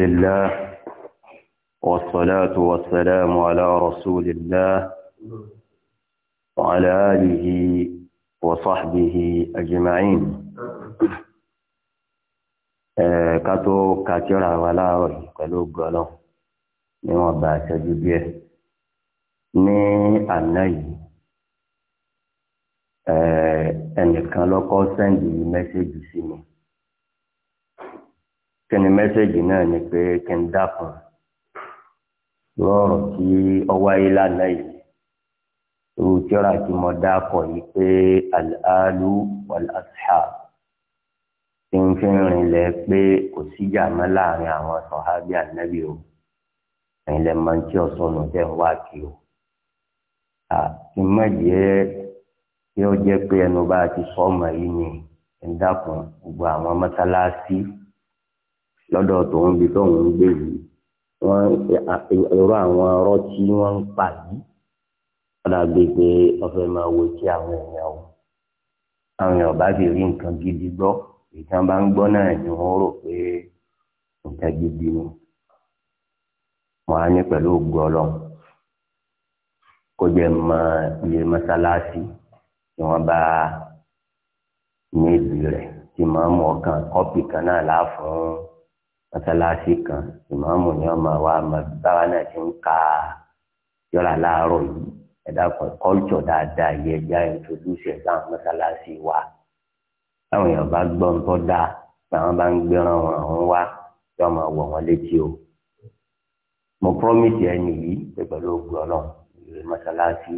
الله والصلاة والسلام على رسول الله وعلى آله وصحبه أجمعين eh, kátó kàtíọ́ra wa láàárọ̀ yìí pẹ̀lú gọ́lọ́ níwọ̀n bá ṣẹ́jú díẹ̀ ní àná yìí eh, ẹnìkan lọ́kọ́ sẹ́ndì mẹ́sẹ́jì sí mi kíni mẹ́sẹ̀gì náà ni pé kí n dákun lọ́rọ̀ tí ọwọ́ ayé lánàá yìí irú tíra tí mo dákọ̀ yìí pé al-alu wal-ashab tí ń fi rinlẹ̀ pé kò síjà mọ́ láàrin àwọn sọ̀hábí ànábì o ìrìnlẹ̀ máa ń tí ọ sọnù tẹ̀ ń wá kí o àti mọ̀jẹ́ tí ó jẹ́ pé ẹnu bá ti sọ ọmọ yìí ni ń dákun gbogbo àwọn mọ́sálásí lọ́dọ̀ tòun bí tóun ń gbé yìí wọ́n irú àwọn ọ̀rọ̀ tí wọ́n ń pa yìí wọ́n dàgbé pé ọ̀fẹ́ máa wo tí àwọn èèyàn o àwọn èèyàn bá ti rí nǹkan gidi gbọ́ ìtàn bá ń gbọ́ náà ni wọ́n rò pé nǹkan gidi ni wọ́n á ní pẹ̀lú ògùn ọlọ́run kó jẹ́ mọ ilé mọ́sálásí tí wọ́n bá ní ìlú rẹ̀ tí màá mú ọkàn kọ́pì kan náà láà mọ́sálásí kan ìmáàmù ni ọmọ wa báwa náà ti ń ka yọ̀rá láàárọ̀ yìí ẹ̀dá kan kọ́lùtọ̀ dáadáa yẹ ẹja introduce ẹ̀dá mọ́sálásí wa táwọn èèyàn bá gbọ́ ń tọ́ dáa táwọn bá ń gbéran wọn àwọn wá yọ ọmọ wọ̀ wọ́n létí o mo promise ẹni yìí pé pẹ̀lú ògùn ọlọ́run ìrè mọ́sálásí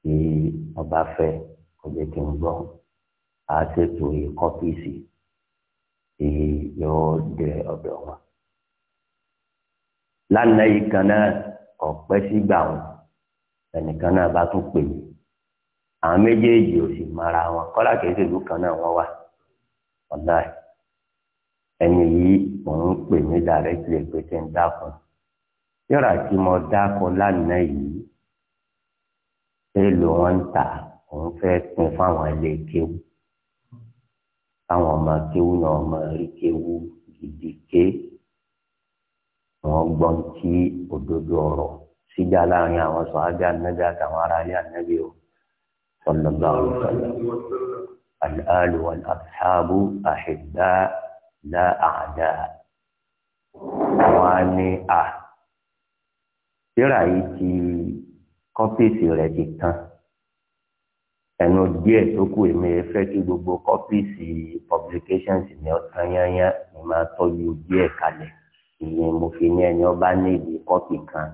tí ọba fẹ́ kọjá kí n gbọ́ àá ṣètò ìkọ́pìsì. èyí yóò dé ọ̀dọ̀ wọn. lánàá yìí kan náà ọ̀pẹ́ sígbà wọn ẹnìkan náà bá tún o si mara wọn kọ́lá ka ìlú kan náà wọ́n wà ọ̀nà ẹni yìí òun pè mí dàrẹ́tìlẹ̀ pé kí n dákun yọ̀rọ̀ àti mo dákun lánàá yìí èlò wọn fe káwọn ọmọ kéwú náà ọmọ rí kéwú gidi ké wọn gbọ́n tí òdodo ọ̀rọ̀ síjà láàrin àwọn sọ̀hábí ànábì àtàwọn ará ilé ànábì o sallallahu alaihi wasallam al-alu wal-ashabu ahibba la á ní à síra yìí ti kọ́pìsì rẹ̀ ti tán ẹnu díẹ̀ tó kù èmi fẹ́ kí gbogbo kọ́pìsì publications ní ọ̀tán yányá ni máa tọ́jú díẹ̀ kalẹ̀ ìyẹn mo fi ní ẹni ọba ní ìdí kọ́pì kan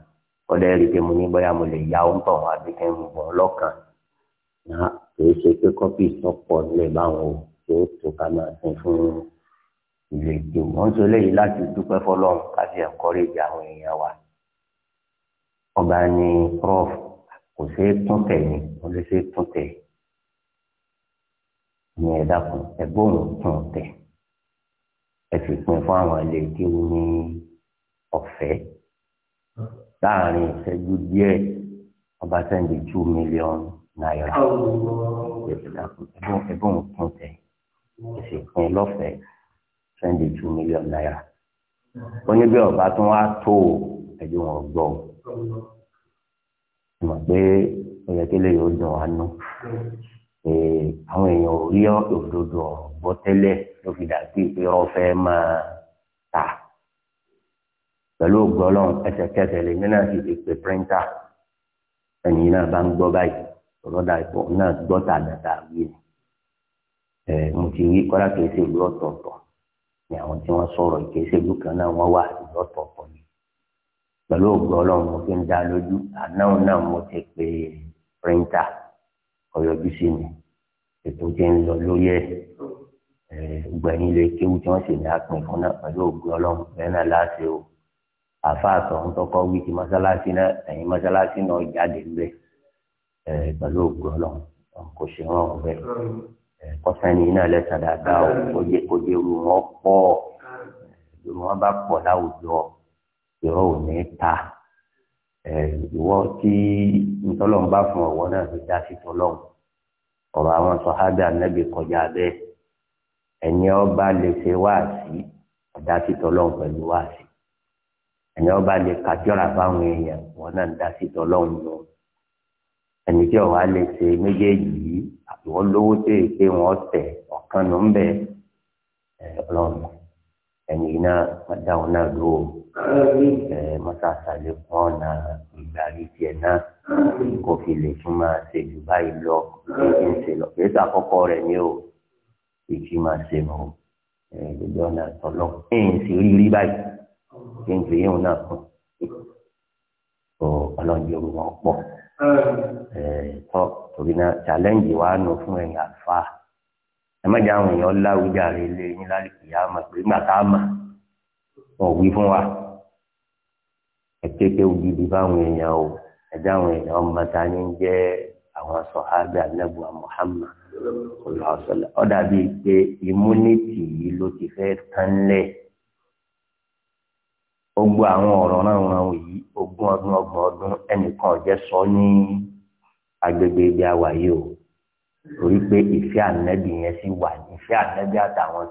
ọdẹ rí i pé mo ní bóyá mo lè ya ó ń tọ̀ wá bí kẹ́ ń gbọ́n lọ́kàn náà kì í ṣe pé kọ́pì sọ́pọ̀ lè báwọn o tó tó ká máa sin fún ilé ìjọ wọn sọ lẹ́yìn láti dúpẹ́ fọlọ́run káfí ẹ̀kọ́rẹ́jì àwọn èèyàn wa ọba ni prof kò ṣeé tún tẹ̀ ni wọ́n lè ṣeé tún tẹ̀ ní ẹ̀dá kan ẹ̀gbọ́n tún tẹ̀ ẹ sì pin fún àwọn ilé tí ó ní ọ̀fẹ́ láàrin ìṣẹ́jú díẹ̀ ọba sẹ́ndì two million naira ẹ̀gbọ́n tún tẹ̀ ẹ sì pin lọ́fẹ̀ẹ́ sẹ́ndì two million naira ó ní bí ọba tún wá tó ẹ̀dùn wọn gbọ́ mọ̀ pé ó yóò dùn wá nù àwọn èèyàn ò rí òdodo ọ̀rọ̀ gbọ́ tẹ́lẹ̀ ló fi dàbí pé wọ́n fẹ́ máa tà pẹ̀lú ògbọ́n ọlọ́run ẹsẹ̀kẹsẹ̀ lèmi náà sì ti pè píríńtà ẹ̀yìn náà bá ń gbọ́ báyìí ọ̀rọ̀dà ìpọ̀ náà gbọ́ tàdàtà yìí ni ẹ̀ mo ti rí kọ́lá kìí ṣe ìlú ọ̀tọ̀ọ̀tọ̀ ni àwọn tí wọ́n sọ̀rọ̀ kìí ṣe ìlú kan náà wọ́n wà ìlú ọ̀tọ̀ọ̀tọ̀ ni pẹ̀lú ògbọ́n mo fi ń dá lójú àná náà mo ti pè píríńtà ọ̀yọ́bí sí mi ètò tí ń lọ lórí ẹ̀ gbẹ̀yìn lè kéwu tí wọ́n sì ní apin fún náà pẹ̀lú ògùn ọlọ́run bẹ́ẹ̀ náà láti o àáfàá sọ̀rọ̀ tọkọ wí ti mọ́sálásí náà ẹ̀yìn mọ́sálásí náà jáde ńbẹ pẹ̀lú ògùn ọlọ́run kò ṣe wọ́n ọ̀bẹ kọ́sẹ́ni náà lẹ́sàn dáadáa o kójé kójé irú wọn pọ̀ irú wọn bá pọ̀ láwùjọ ìrọ̀ ò ní ta ìwọ tí ntọ́lọ́n bá fún ọ̀wọ́ náà fi dá sí tọ́lọ́n ọ̀rọ̀ àwọn sọ́hádà nẹ́bí kọjá bẹ́ẹ̀ ẹni ọba lè ṣe wáàsí ọ̀dá sí tọ́lọ́n pẹ̀lú wáàsí ẹni ọba lè kájọ́ra fáwọn èèyàn wọn náà ń dá sí tọ́lọ́n lọ ẹni tí ọ̀wá lè ṣe méjèèjì yìí àbíwọ́ lówó tó yẹ pé wọ́n tẹ̀ ọ̀kan nù ń bẹ̀ ọlọ́run ẹni náà dáhùn náà lóòrùn ẹ mọ́sàsàlẹ̀ fún ọ̀nà ìgbà àríkẹ́ náà kò fi lè tún máa ṣe jù báyìí lọ kí n ṣe lọ kí ètò àkọ́kọ́ rẹ̀ ní o ìtì máa ṣe mọ́ gbogbo ọ̀nà àtọ̀lọ́ kí n sì rí rí báyìí kí n fi yíwọn náà kún ọlọ́njẹ́ olùwọ̀n pọ̀ tọ́ torí náà challenge wa nù fún ẹ̀yìn àfa ẹ má jẹ́ àwọn èèyàn láwùjáre lé yín lálẹ́ kìí àmọ̀ pé gbàtà àmọ̀. òwì fún wa ẹ̀kẹ́kẹ́ ògidì fáwọn èèyàn o ẹ̀dá àwọn èèyàn ọmọ ta ni jẹ́ àwọn sọ̀hábì ànábùwà Muhammad ọ̀làọ̀sọ̀là ọ̀dà bíi pé immunity yìí ló ti fẹ́ tán lẹ̀ àwọn ọ̀rọ̀ ráhùn yìí ogún ọdún ọgbọ̀n ọdún ẹnìkan ọ̀jẹ́ sọ ní agbègbè ibi o torí pé ìfẹ́ yẹn sì wà ìfẹ́ àtàwọn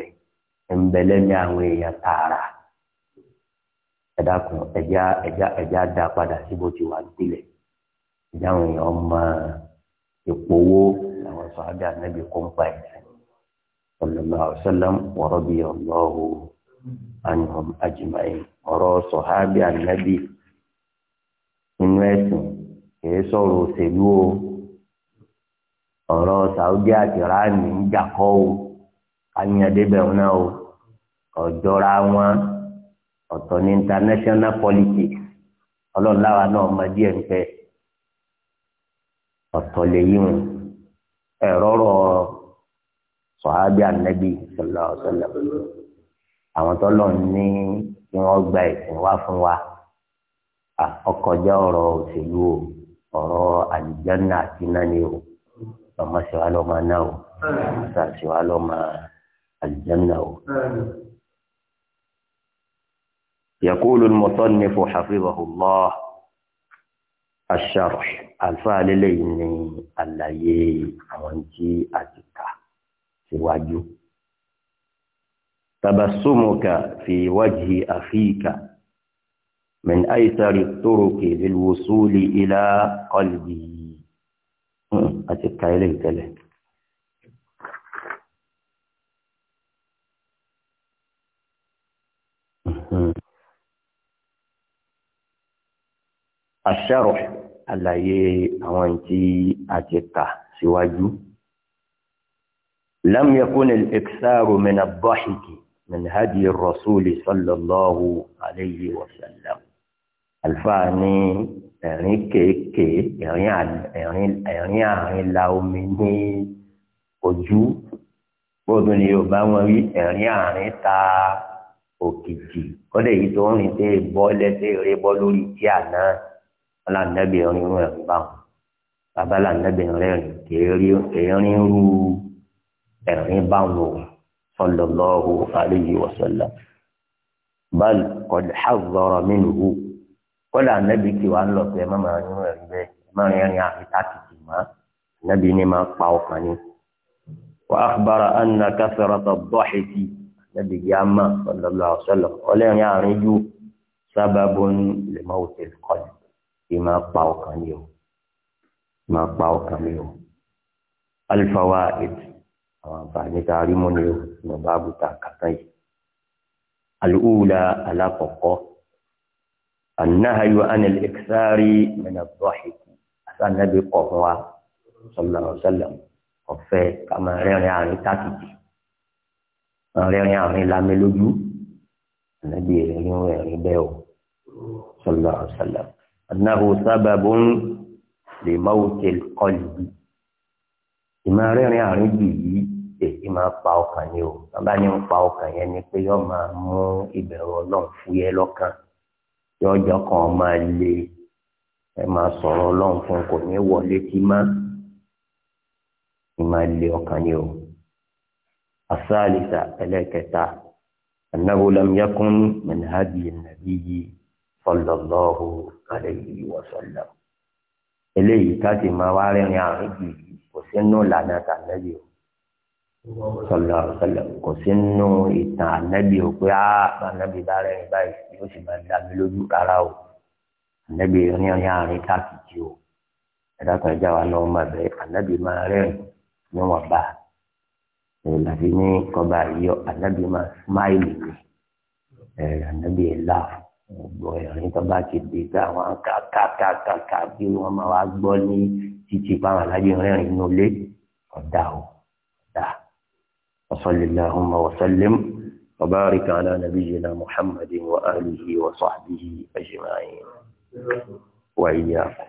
rẹ̀ ẹ̀ǹbẹ̀lẹ̀ ní àwọn èèyàn tààrà ẹ̀dá kan ẹ̀já ẹ̀já ẹ̀já dá padà sí bó ti wà nípìnlẹ̀ ẹ̀já àwọn èèyàn mọ ìpowó àwọn sọ́hábì ànábì kó ń pa ẹ̀sìn sallallahu alaihi wasallam wa radiyallahu anhum ajma'in ọ̀rọ̀ sọ́hábì ànábì nínú ẹ̀sìn kìí sọ̀rọ̀ òṣèlú o ọ̀rọ̀ Saudi àti rani ń jà kọ́ o àyàndébẹ̀ wọn náà o ọ̀jọ́ra wọn ọ̀tọ̀ ní international politics ọlọ́láwa náà ọmọ díẹ̀ ń fẹ́ ọ̀tọ̀ lẹ́yìn o ẹ̀rọ rọ sọ̀hábí ànábì sọlá ọ̀sọ̀lá àwọn tọ́lọ̀ ní kí wọ́n gba ẹ̀sìn wá fún wa ọkọjá ọ̀rọ̀ òṣèlú o ọ̀rọ̀ àlìjánná àti náà ni o ọmọ ṣèwà lọ́mọ náà o ṣàṣìwà lọ́mọ الجنة يقول المصنف حفظه الله الشرح الفعل ليني اللي àwọn أتكا a تبسمك في وجه أخيك من أيسر الطرق للوصول إلى قلبي أتكا إليك لك àṣàrò àlàyé àwọn tí a ti kà síwájú. لم يكن الإكثار من الضحك من هدي الرسول صلى الله عليه وسلم الفاني ẹ̀rín kéèké ẹ̀rín ẹ̀rín àárín la omi ní ojú gbọ́dọ̀ ni yorùbá wọn rí ẹ̀rín àárín ta òkìtì kọ́dẹ̀ yìí tó ń rìn dé bọ́ lẹ́sẹ̀ eré bọ́ lórí tíà náà ọlá nẹ́bí ẹ̀rín irun ẹ̀rín báwọn bàbá là nẹ́bí ẹ̀rín kèérín irú ẹ̀rín báwọn o sallallahu alayhi wa sallam bal qad hazzara minhu kọ́lá nẹ́bí tí wàá ń lọ pé mọ́mọ́ irun ẹ̀rín bẹ́ẹ̀ mọ́rin ẹ̀rín àfitá tìtì mọ́ nẹ́bí ni máa pa ọkàn ni. wa akhbara anna kathrata ad-dhahiki nẹ́bí yàmà sallallahu alayhi wa sallam ọlẹ́rìn àárín ju sababun li mawtil qalbi ìmọ̀ pa ọkàn ni o ìmọ̀ pa ọkàn ni o alifawa eti àwọn àǹfààní tá a rí mọ́ ni o ìmọ̀ bá buta kàtá yìí alùwùlà alákọ̀ọ́kọ́ anahayu anil ikisari mẹ́nà bọ́ọ̀hìkì asanabi kọ̀ wa sallallahu alaihi ọ̀fẹ́ kàmá rẹ́rìn àárín tákìtì rẹ́rìn àárín lámẹ́lójú anabi ẹ̀rín ẹ̀rín bẹ́ẹ̀ o sallallahu alaihi أنه سبب لموت القلب. qalbi ìmọ̀ rẹ́rìn àárín jù yìí èyí máa pa ọkàn ni o bàbá ni ń pa ọkàn yẹn ni pé yóò máa mú ìbẹ̀rù ọlọ́run fúyẹ́ lọ́kàn yóò jọ kàn máa le ẹ máa sọ̀rọ̀ ọlọ́run fún kò ní wọlé kí má ìmọ̀ lé ọkàn ni o. asálìsà ẹlẹ́kẹta annahu lam yakun min hadi sallallahu alayhi wa sallam eléyìí káàsì máa wá rìnrìn àárín jì kò sínú lànà tànàbí o sallallahu alayhi wa sallam kò sínú ìtàn ànábì o pé á ànábì bá rìnrìn báyìí yóò sì máa dá mi lójú rárá o ànábì rìnrìn àárín káàkiri o ẹ̀dá kan ìjà wa náà máa bẹ ànábì máa rìnrìn níwọ̀nba ìlàfi ní kọba yọ anabi ma smile ni anabi laugh gbogbo ẹ̀rín tó bá ti dé tá àwọn kàkàkàkà bí wọ́n máa wá gbọ́ ní títí báwọn alájẹ rẹ́rìn inú ilé ọ̀dà o ọ̀dà wasalilahumma wasalim wa barika ala nabiyyina muhammadin wa alihi wa sahbihi ajma'in wa iyyakum.